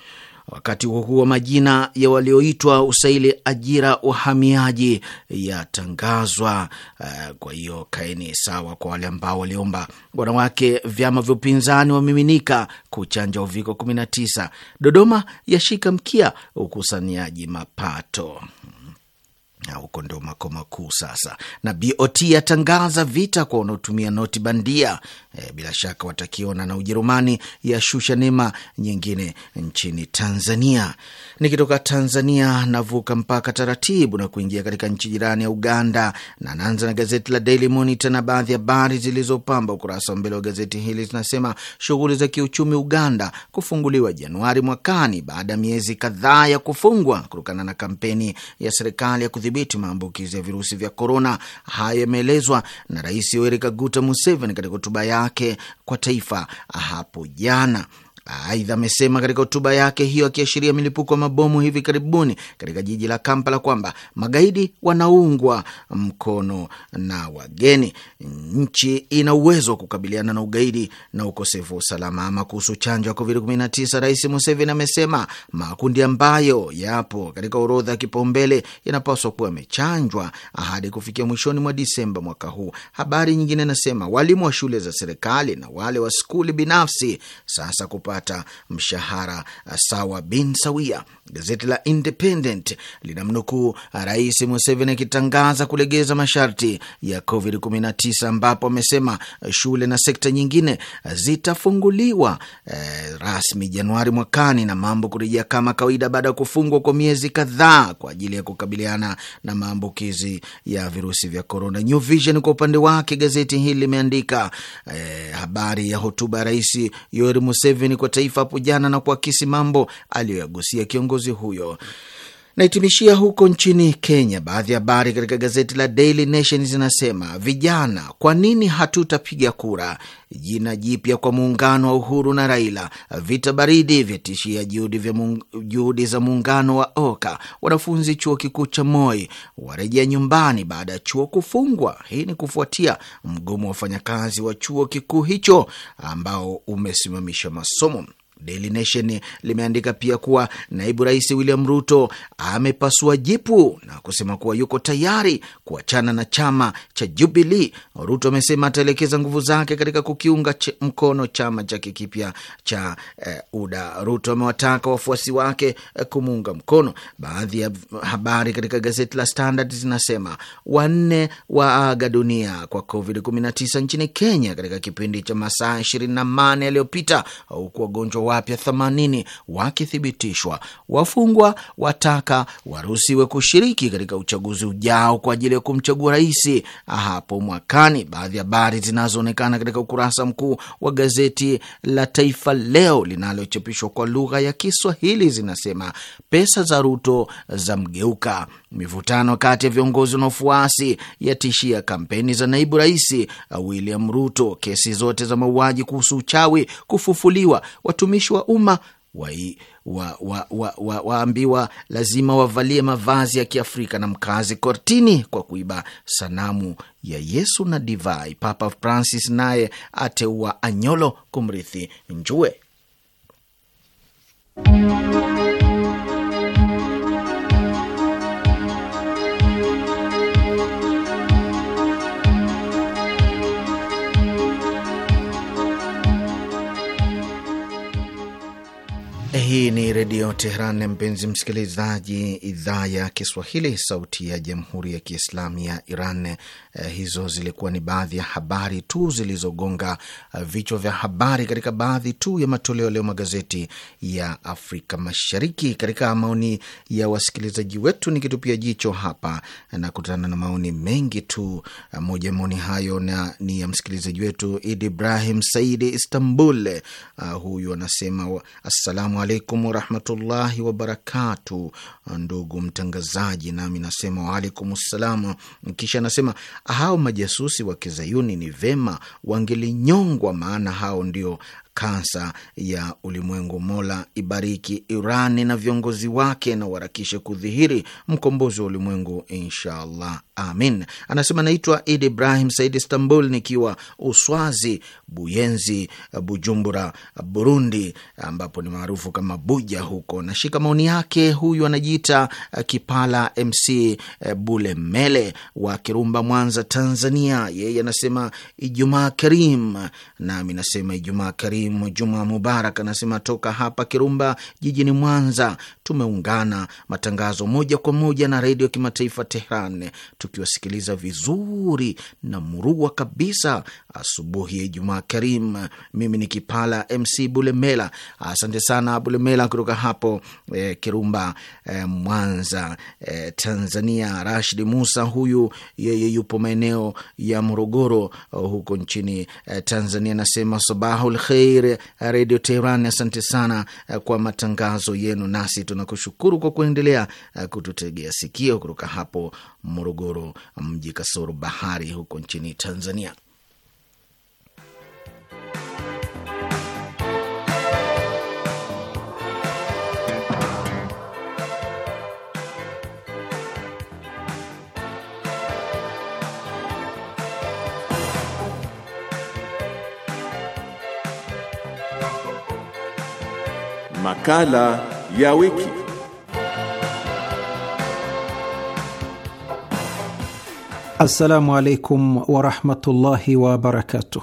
Wakati huo majina ya walioitwa usaili ajira uhamiaji yatangazwa. Eh, kwa hiyo kaeni sawa kwa wale ambao waliomba. Wanawake vyama vya upinzani wamiminika kuchanja uviko 19. Dodoma yashika mkia ukusanyaji mapato huko ndio mako makuu sasa. Na BOT yatangaza vita kwa wanaotumia noti bandia. E, bila shaka watakiona. Na Ujerumani yashusha neema nyingine nchini Tanzania. Nikitoka Tanzania navuka mpaka taratibu na kuingia katika nchi jirani ya Uganda, na naanza na gazeti la Daily Monitor, na baadhi ya habari zilizopamba ukurasa wa mbele wa gazeti hili zinasema shughuli za kiuchumi Uganda kufunguliwa Januari mwakani baada ya miezi kadhaa ya kufungwa kutokana na kampeni ya serikali ya kudhibiti kudhibiti maambukizi ya virusi vya korona. Haya yameelezwa na Rais Yoweri Kaguta Museveni katika hotuba yake kwa taifa hapo jana. Aidha amesema katika hotuba yake hiyo akiashiria milipuko ya mabomu hivi karibuni katika jiji la Kampala kwamba magaidi wanaungwa mkono na wageni. Nchi ina uwezo wa kukabiliana na ugaidi na ukosefu wa usalama. Ama kuhusu chanjo ya COVID-19, Rais Museveni amesema makundi ambayo yapo katika orodha ya kipaumbele yanapaswa kuwa yamechanjwa hadi kufikia mwishoni mwa Disemba mwaka huu. Habari nyingine inasema walimu wa shule za serikali na wale wa skuli binafsi sasa kupa kupata mshahara uh, sawa bin sawia. Gazeti la Independent linamnukuu uh, Rais Museveni akitangaza kulegeza masharti ya COVID-19 ambapo amesema uh, shule na sekta nyingine zitafunguliwa eh, rasmi Januari mwakani na mambo kurejea kama kawaida baada ya kufungwa kwa miezi kadhaa kwa ajili ya kukabiliana na maambukizi ya virusi vya korona. New Vision kwa upande wake, gazeti hili limeandika eh, habari ya hotuba ya Rais Yoweri Museveni kwa kwa taifa hapo jana na kuakisi mambo aliyoyagusia kiongozi huyo. Naitimishia huko nchini Kenya. Baadhi ya habari katika gazeti la Daily Nation zinasema vijana, kwa nini hatutapiga kura? Jina jipya kwa muungano wa Uhuru na Raila. Vita baridi vyatishia juhudi, juhudi za muungano wa Oka. Wanafunzi chuo kikuu cha Moi warejea nyumbani baada ya chuo kufungwa. Hii ni kufuatia mgomo wa wafanyakazi wa chuo kikuu hicho ambao umesimamisha masomo. Daily Nation limeandika pia kuwa naibu rais William Ruto amepasua jipu na kusema kuwa yuko tayari kuachana na chama cha Jubilee. Ruto amesema ataelekeza nguvu zake katika kukiunga mkono chama chake kipya cha eh, UDA. Ruto amewataka wafuasi wake eh, kumuunga mkono. Baadhi ya habari katika gazeti la Standard zinasema wanne waaga dunia kwa COVID 19 nchini Kenya katika kipindi cha masaa 28 yaliyopita, huku wagonjwa wapya 80 wakithibitishwa. Wafungwa wataka waruhusiwe kushiriki katika uchaguzi ujao kwa ajili ya kumchagua rais hapo mwakani. Baadhi ya habari zinazoonekana katika ukurasa mkuu wa gazeti la Taifa Leo linalochapishwa kwa lugha ya Kiswahili zinasema pesa za Ruto za mgeuka, mivutano kati ya viongozi na wafuasi yatishia kampeni za naibu rais William Ruto, kesi zote za mauaji kuhusu uchawi kufufuliwa, watumi watumishi wa umma waambiwa wa, wa, wa, wa lazima wavalie mavazi ya Kiafrika na mkazi kortini kwa kuiba sanamu ya Yesu na divai. Papa Francis naye ateua Anyolo kumrithi Njue. Redio Teheran. mpenzi msikilizaji, idhaa ya Kiswahili, sauti ya jamhuri ya kiislamu ya Iran. Eh, hizo zilikuwa ni baadhi ya habari tu zilizogonga eh, vichwa vya habari katika baadhi tu ya matoleo leo magazeti ya Afrika Mashariki. Katika maoni ya wasikilizaji wetu, ni kitupia jicho hapa eh, na kutana na maoni mengi tu. Eh, moja maoni hayo na ni ya msikilizaji wetu Idi Ibrahim Saidi Istanbul. Uh, huyu anasema assalamu alaikum warahmatullahi wabarakatu. Ndugu mtangazaji, nami nasema waalaikum ssalamu. Kisha anasema hao majasusi wa kizayuni ni vema wangelinyongwa, maana hao ndio kansa ya ulimwengu. Mola ibariki Irani na viongozi wake na uharakishe kudhihiri mkombozi wa ulimwengu, inshallah, amin. Anasema naitwa Idi Ibrahim Said Istanbul, nikiwa Uswazi Buyenzi, Bujumbura, Burundi, ambapo ni maarufu kama Buja huko. Nashika maoni yake huyu, anajiita eh, Kipala MC eh, Bulemele wa Kirumba, Mwanza, Tanzania. Yeye anasema Ijumaa Karim, nami nasema Ijumaa Karim Salim Juma Mubarak anasema toka hapa Kirumba jijini Mwanza tumeungana matangazo moja kwa moja na redio kimataifa Tehran, tukiwasikiliza vizuri na murua kabisa asubuhi ya Ijumaa Karim. Mimi ni Kipala MC Bulemela, asante sana Bulemela kutoka hapo eh, Kirumba eh, Mwanza eh, Tanzania. Rashidi Musa huyu yeye yupo maeneo ya Morogoro eh, huko nchini eh, Tanzania, anasema sabahul khair Kiswahili eh, Redio Teheran. Asante sana eh, kwa matangazo yenu, nasi tunakushukuru kwa kuendelea eh, kututegea sikio kutoka hapo Morogoro, mji kasoro bahari, huko nchini Tanzania. Makala ya wiki. Assalamu alaikum warahmatullahi wabarakatuh.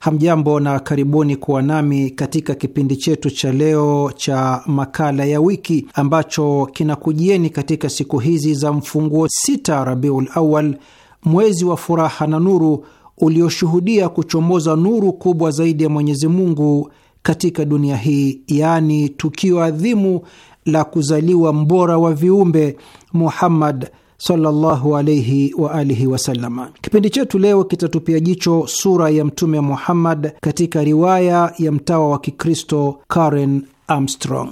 Hamjambo na karibuni kuwa nami katika kipindi chetu cha leo cha makala ya wiki ambacho kinakujieni katika siku hizi za mfunguo sita Rabiul Awal, mwezi wa furaha na nuru ulioshuhudia kuchomoza nuru kubwa zaidi ya Mwenyezi Mungu katika dunia hii, yaani tukio adhimu la kuzaliwa mbora wa viumbe Muhammad sallallahu wa alihi wasallam. Kipindi chetu leo kitatupia jicho sura ya Mtume Muhammad katika riwaya ya mtawa wa Kikristo Karen Armstrong.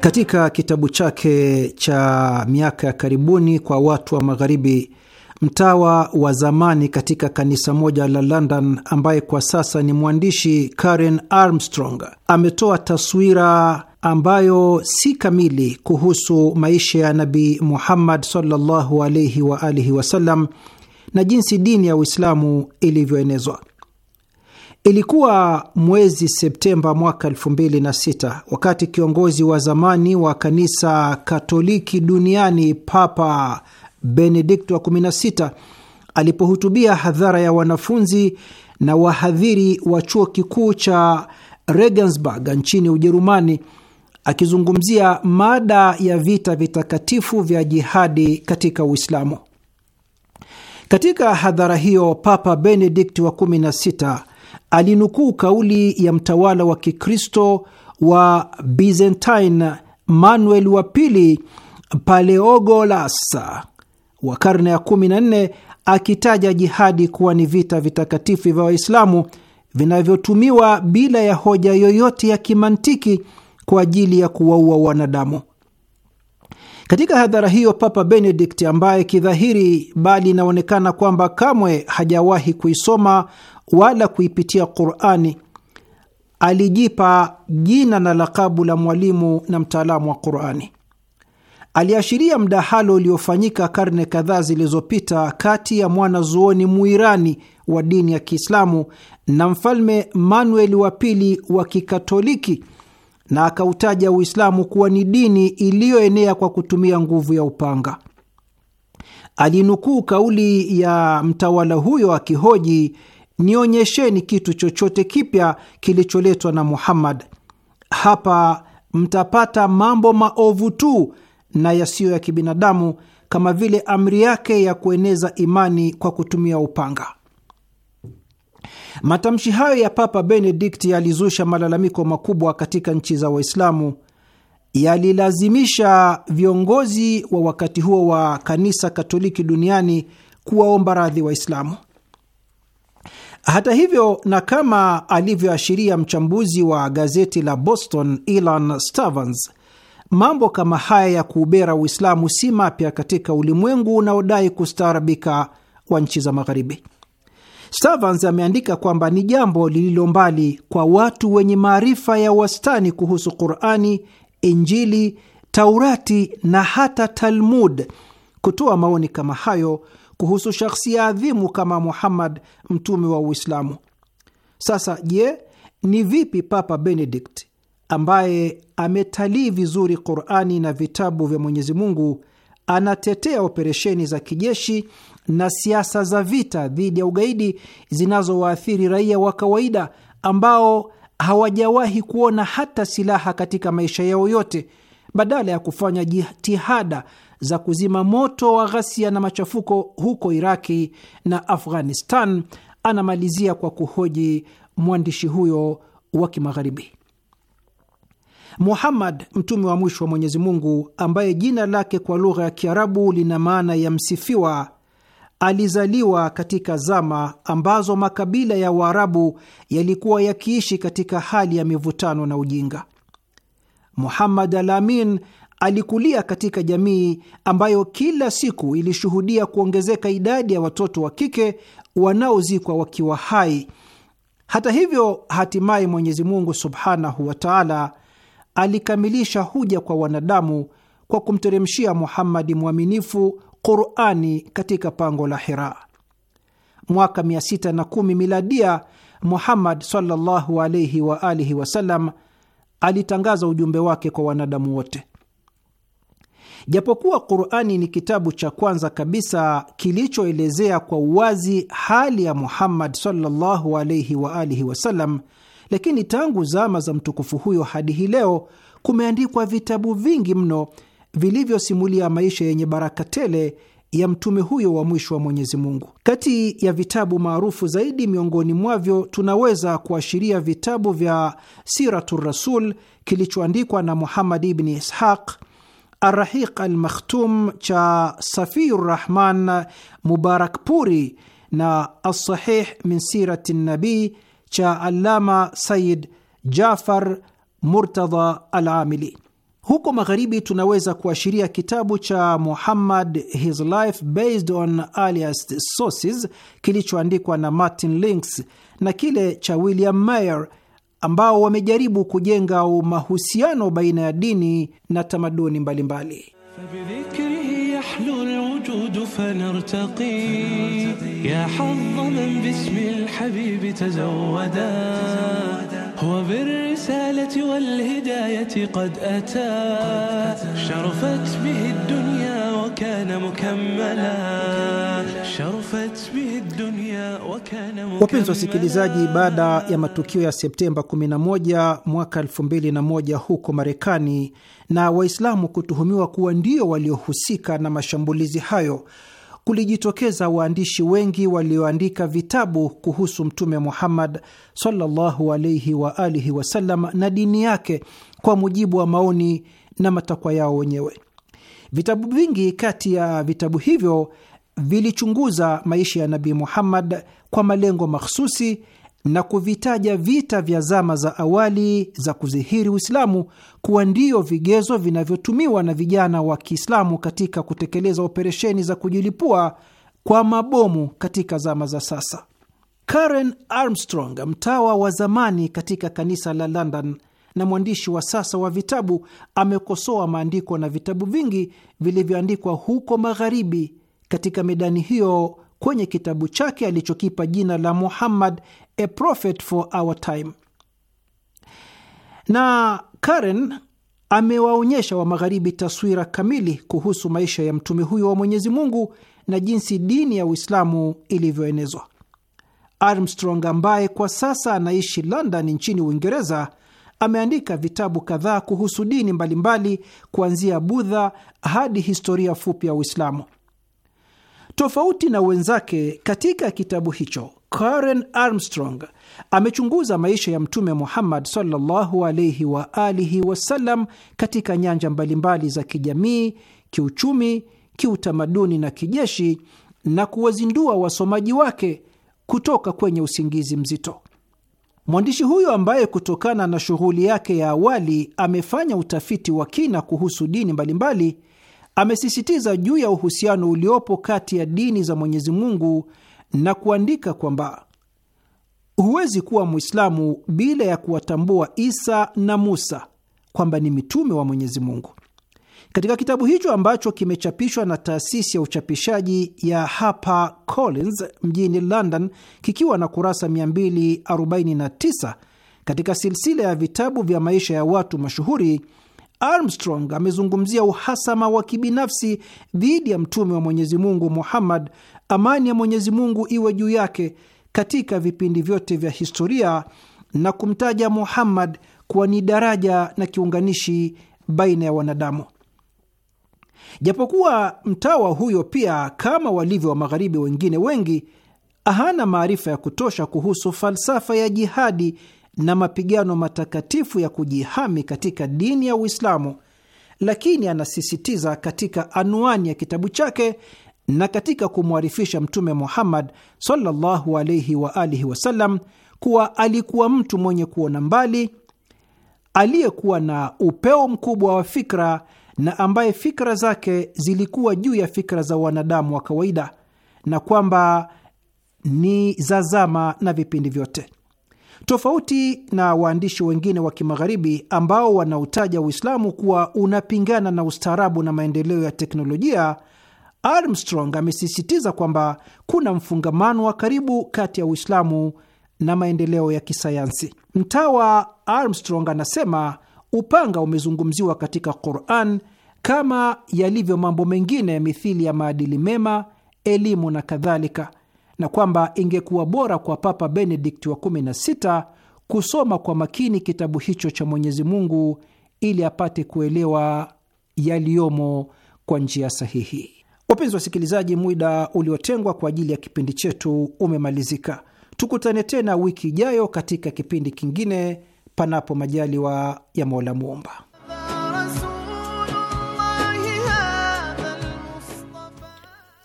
Katika kitabu chake cha miaka ya karibuni kwa watu wa Magharibi, mtawa wa zamani katika kanisa moja la London ambaye kwa sasa ni mwandishi Karen Armstrong ametoa taswira ambayo si kamili kuhusu maisha ya Nabii Muhammad sallallahu alaihi wa alihi wasallam na jinsi dini ya Uislamu ilivyoenezwa. Ilikuwa mwezi Septemba mwaka sita wakati kiongozi wa zamani wa kanisa Katoliki duniani Papa Benedikto wa sita alipohutubia hadhara ya wanafunzi na wahadhiri wa chuo kikuu cha Regensburg nchini Ujerumani akizungumzia mada ya vita vitakatifu vya jihadi katika Uislamu. Katika hadhara hiyo, Papa Benedikt wa sita alinukuu kauli ya mtawala wa Kikristo wa Byzantine Manuel wa pili Paleogolas wa karne ya 14 akitaja jihadi kuwa ni vita vitakatifu vya Waislamu vinavyotumiwa bila ya hoja yoyote ya kimantiki kwa ajili ya kuwaua wanadamu. Katika hadhara hiyo, Papa Benedikt ambaye kidhahiri bali inaonekana kwamba kamwe hajawahi kuisoma wala kuipitia Qurani. Alijipa jina na lakabu la mwalimu na mtaalamu wa Qurani. Aliashiria mdahalo uliofanyika karne kadhaa zilizopita kati ya mwanazuoni Muirani wa dini ya Kiislamu na mfalme Manuel wa pili wa Kikatoliki, na akautaja Uislamu kuwa ni dini iliyoenea kwa kutumia nguvu ya upanga. Alinukuu kauli ya mtawala huyo akihoji nionyesheni kitu chochote kipya kilicholetwa na Muhammad. Hapa mtapata mambo maovu tu na yasiyo ya kibinadamu, kama vile amri yake ya kueneza imani kwa kutumia upanga. Matamshi hayo ya Papa Benedict yalizusha malalamiko makubwa katika nchi za Waislamu, yalilazimisha viongozi wa wakati huo wa kanisa Katoliki duniani kuwaomba radhi Waislamu. Hata hivyo, na kama alivyoashiria mchambuzi wa gazeti la Boston elan Stevens, mambo kama haya ya kuubera Uislamu si mapya katika ulimwengu unaodai kustaarabika wa nchi za Magharibi. Stevens ameandika kwamba ni jambo lililo mbali kwa watu wenye maarifa ya wastani kuhusu Qurani, Injili, Taurati na hata Talmud kutoa maoni kama hayo kuhusu shakhsia adhimu kama Muhammad, mtume wa Uislamu. Sasa je, ni vipi Papa Benedict ambaye ametalii vizuri Qurani na vitabu vya Mwenyezi Mungu anatetea operesheni za kijeshi na siasa za vita dhidi ya ugaidi zinazowaathiri raia wa kawaida ambao hawajawahi kuona hata silaha katika maisha yao yote, badala ya kufanya jitihada za kuzima moto wa ghasia na machafuko huko Iraki na Afghanistan, anamalizia kwa kuhoji mwandishi huyo wa Kimagharibi. Muhammad, mtume wa mwisho wa Mwenyezi Mungu, ambaye jina lake kwa lugha ya Kiarabu lina maana ya msifiwa, alizaliwa katika zama ambazo makabila ya Waarabu yalikuwa yakiishi katika hali ya mivutano na ujinga. Muhammad Alamin Alikulia katika jamii ambayo kila siku ilishuhudia kuongezeka idadi ya watoto wa kike wanaozikwa wakiwa hai. Hata hivyo, hatimaye Mwenyezi Mungu subhanahu wa taala alikamilisha huja kwa wanadamu kwa kumteremshia Muhammadi mwaminifu Qurani katika pango la Hira. Mwaka 610 miladia, Muhammad sallallahu alaihi wa alihi wasallam alitangaza ujumbe wake kwa wanadamu wote. Japokuwa Qurani ni kitabu cha kwanza kabisa kilichoelezea kwa uwazi hali ya Muhammad sallallahu alaihi wa alihi wasallam, lakini tangu zama za mtukufu huyo hadi hii leo kumeandikwa vitabu vingi mno vilivyosimulia maisha yenye baraka tele ya mtume huyo wa mwisho wa Mwenyezi Mungu. Kati ya vitabu maarufu zaidi miongoni mwavyo tunaweza kuashiria vitabu vya Siratu Rasul kilichoandikwa na Muhammad ibni Ishaq Arrahiq Almakhtum cha Safiur Rahman Mubarakpuri na Alsahih min Sirati nabi cha Allama Sayid Jafar Murtadha Alamili. Huko magharibi tunaweza kuashiria kitabu cha Muhammad His Life Based on Earliest Sources kilichoandikwa na Martin Links na kile cha William Mayer ambao wamejaribu kujenga mahusiano baina ya dini na tamaduni mbalimbali. هو بالرسالة والهداية قد أتى شرفت به الدنيا وكان مكملا شرفت به الدنيا وكان مكملا. Wapenzi wasikilizaji, baada ya matukio ya Septemba 11 mwaka 2001 huko Marekani na Waislamu kutuhumiwa kuwa ndio waliohusika na mashambulizi hayo kulijitokeza waandishi wengi walioandika vitabu kuhusu Mtume Muhammad sallallahu alaihi wa alihi wasallam na dini yake kwa mujibu wa maoni na matakwa yao wenyewe. Vitabu vingi kati ya vitabu hivyo vilichunguza maisha ya Nabii Muhammad kwa malengo mahsusi na kuvitaja vita vya zama za awali za kudhihiri Uislamu kuwa ndiyo vigezo vinavyotumiwa na vijana wa Kiislamu katika kutekeleza operesheni za kujilipua kwa mabomu katika zama za sasa. Karen Armstrong, mtawa wa zamani katika kanisa la London na mwandishi wa sasa wa vitabu, amekosoa maandiko na vitabu vingi vilivyoandikwa huko Magharibi katika medani hiyo kwenye kitabu chake alichokipa jina la Muhammad a prophet for our time. Na Karen amewaonyesha wa Magharibi taswira kamili kuhusu maisha ya mtume huyo wa Mwenyezi Mungu na jinsi dini ya Uislamu ilivyoenezwa. Armstrong ambaye kwa sasa anaishi London nchini Uingereza ameandika vitabu kadhaa kuhusu dini mbalimbali kuanzia Budha hadi historia fupi ya Uislamu. Tofauti na wenzake, katika kitabu hicho Karen Armstrong amechunguza maisha ya Mtume Muhammad sallallahu alaihi wa alihi wasallam katika nyanja mbalimbali za kijamii, kiuchumi, kiutamaduni na kijeshi na kuwazindua wasomaji wake kutoka kwenye usingizi mzito. Mwandishi huyo ambaye kutokana na shughuli yake ya awali amefanya utafiti wa kina kuhusu dini mbalimbali, amesisitiza juu ya uhusiano uliopo kati ya dini za Mwenyezi Mungu na kuandika kwamba huwezi kuwa Mwislamu bila ya kuwatambua Isa na Musa kwamba ni mitume wa Mwenyezi Mungu. Katika kitabu hicho ambacho kimechapishwa na taasisi ya uchapishaji ya collins mjini London, kikiwa na kurasa 249 katika silsila ya vitabu vya maisha ya watu mashuhuri Armstrong amezungumzia uhasama wa kibinafsi dhidi ya mtume wa Mwenyezi Mungu Muhammad, amani ya Mwenyezi Mungu iwe juu yake, katika vipindi vyote vya historia na kumtaja Muhammad kuwa ni daraja na kiunganishi baina ya wanadamu. Japokuwa mtawa huyo pia, kama walivyo wa magharibi wengine wengi, hana maarifa ya kutosha kuhusu falsafa ya jihadi na mapigano matakatifu ya kujihami katika dini ya Uislamu, lakini anasisitiza katika anwani ya kitabu chake na katika kumwarifisha Mtume Muhammad sallallahu alaihi wa alihi wasallam kuwa alikuwa mtu mwenye kuona mbali aliyekuwa na upeo mkubwa wa fikra na ambaye fikra zake zilikuwa juu ya fikra za wanadamu wa kawaida, na kwamba ni za zama na vipindi vyote tofauti na waandishi wengine wa Kimagharibi ambao wanautaja Uislamu kuwa unapingana na ustaarabu na maendeleo ya teknolojia. Armstrong amesisitiza kwamba kuna mfungamano wa karibu kati ya Uislamu na maendeleo ya kisayansi. Mtawa Armstrong anasema upanga umezungumziwa katika Quran kama yalivyo mambo mengine mithili ya maadili mema, elimu na kadhalika, na kwamba ingekuwa bora kwa Papa Benedikt wa 16 kusoma kwa makini kitabu hicho cha Mwenyezi Mungu ili apate kuelewa yaliyomo kwa njia sahihi. Wapenzi wasikilizaji, muda uliotengwa kwa ajili ya kipindi chetu umemalizika. Tukutane tena wiki ijayo katika kipindi kingine, panapo majaliwa ya Mola Muumba.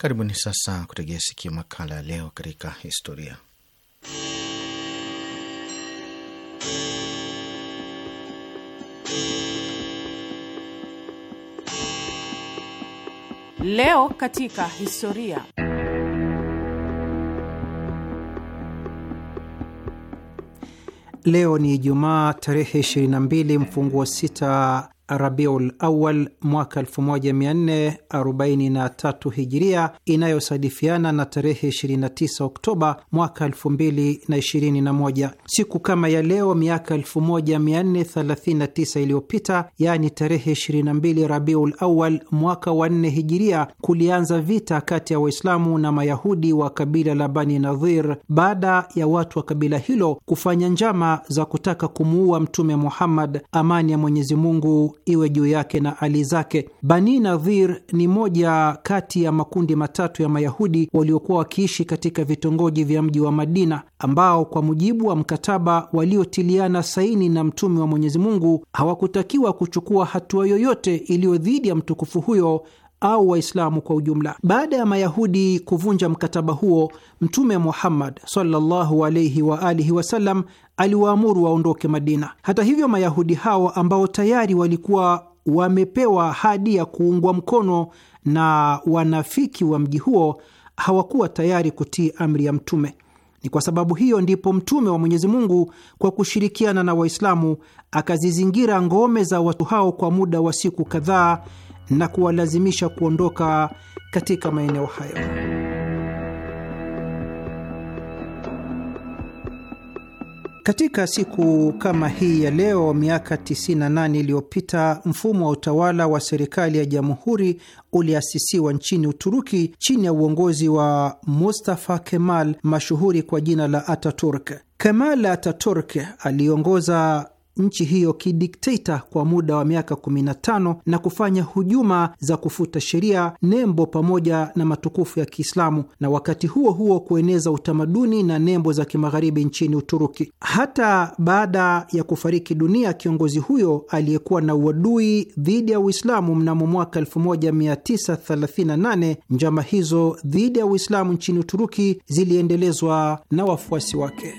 Karibuni sasa kutegea sikio makala ya leo katika historia. Leo katika historia. Leo ni Ijumaa tarehe 22 mfunguo sita Rabiul Awal mwaka 1443 Hijiria, inayosadifiana na tarehe 29 Oktoba mwaka 2021. Siku kama ya leo miaka 1439 iliyopita, yaani tarehe 22 Rabiul Awal mwaka wa 4 Hijiria, kulianza vita kati ya Waislamu na Mayahudi wa kabila la Bani Nadhir baada ya watu wa kabila hilo kufanya njama za kutaka kumuua Mtume Muhammad, amani ya Mwenyezi Mungu iwe juu yake na ali zake. Bani Nadhir ni moja kati ya makundi matatu ya Mayahudi waliokuwa wakiishi katika vitongoji vya mji wa Madina, ambao kwa mujibu wa mkataba waliotiliana saini na Mtume wa Mwenyezi Mungu hawakutakiwa kuchukua hatua yoyote iliyo dhidi ya mtukufu huyo au Waislamu kwa ujumla. Baada ya Mayahudi kuvunja mkataba huo, Mtume Muhammad sallallahu alaihi wa alihi wasallam aliwaamuru waondoke Madina. Hata hivyo, Mayahudi hao ambao tayari walikuwa wamepewa ahadi ya kuungwa mkono na wanafiki wa mji huo hawakuwa tayari kutii amri ya Mtume. Ni kwa sababu hiyo ndipo Mtume wa Mwenyezi Mungu kwa kushirikiana na Waislamu akazizingira ngome za watu hao kwa muda wa siku kadhaa na kuwalazimisha kuondoka katika maeneo hayo. Katika siku kama hii ya leo miaka 98 iliyopita mfumo wa utawala wa serikali ya jamhuri uliasisiwa nchini Uturuki chini ya uongozi wa Mustafa Kemal mashuhuri kwa jina la Ataturk. Kemal Ataturk aliongoza nchi hiyo kidikteta kwa muda wa miaka 15 na kufanya hujuma za kufuta sheria, nembo pamoja na matukufu ya Kiislamu, na wakati huo huo kueneza utamaduni na nembo za kimagharibi nchini Uturuki. Hata baada ya kufariki dunia kiongozi huyo aliyekuwa na uadui dhidi ya Uislamu mnamo mwaka 1938, njama hizo dhidi ya Uislamu nchini Uturuki ziliendelezwa na wafuasi wake.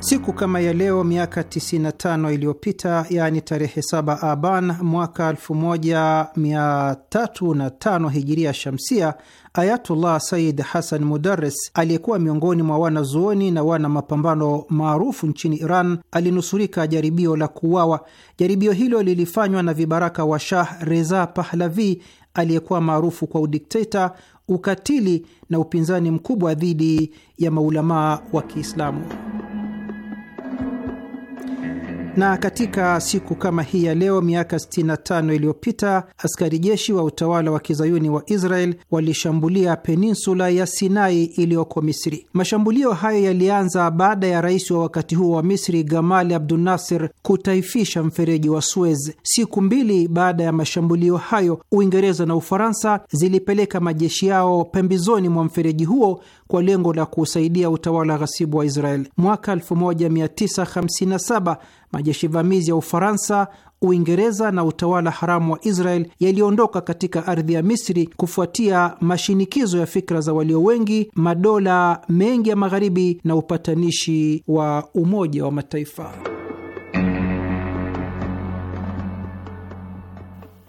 Siku kama ya leo miaka 95 iliyopita, yaani tarehe 7 Aban mwaka 1305 hijiria shamsia, Ayatullah Said Hassan Mudares aliyekuwa miongoni mwa wanazuoni na wana mapambano maarufu nchini Iran alinusurika jaribio la kuuawa. Jaribio hilo lilifanywa na vibaraka wa Shah Reza Pahlavi aliyekuwa maarufu kwa udikteta, ukatili na upinzani mkubwa dhidi ya maulamaa wa Kiislamu. Na katika siku kama hii ya leo miaka 65 iliyopita askari jeshi wa utawala wa kizayuni wa Israel walishambulia peninsula ya Sinai iliyoko Misri. Mashambulio hayo yalianza baada ya rais wa wakati huo wa Misri Gamal Nasir, kutaifisha mfereji wa Suez. Siku mbili baada ya mashambulio hayo, Uingereza na Ufaransa zilipeleka majeshi yao pembezoni mwa mfereji huo kwa lengo la kusaidia utawala ghasibu wa Israel. Mwaka 1957 majeshi vamizi ya Ufaransa, Uingereza na utawala haramu wa Israel yaliondoka katika ardhi ya Misri kufuatia mashinikizo ya fikra za walio wengi, madola mengi ya Magharibi na upatanishi wa Umoja wa Mataifa.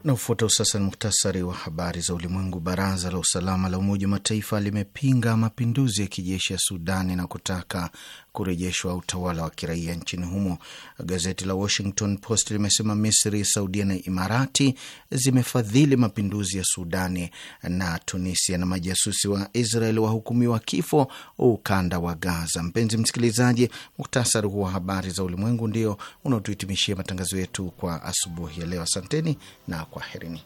Na ufuatao sasa ni muhtasari wa habari za ulimwengu. Baraza la usalama la Umoja wa Mataifa limepinga mapinduzi ya kijeshi ya Sudani na kutaka kurejeshwa utawala wa kiraia nchini humo. Gazeti la Washington Post limesema Misri, Saudia na Imarati zimefadhili mapinduzi ya Sudani na Tunisia, na majasusi wa Israel wahukumiwa kifo ukanda wa Gaza. Mpenzi msikilizaji, muktasari huu wa habari za ulimwengu ndio unaotuhitimishia matangazo yetu kwa asubuhi ya leo. Asanteni na kwaherini.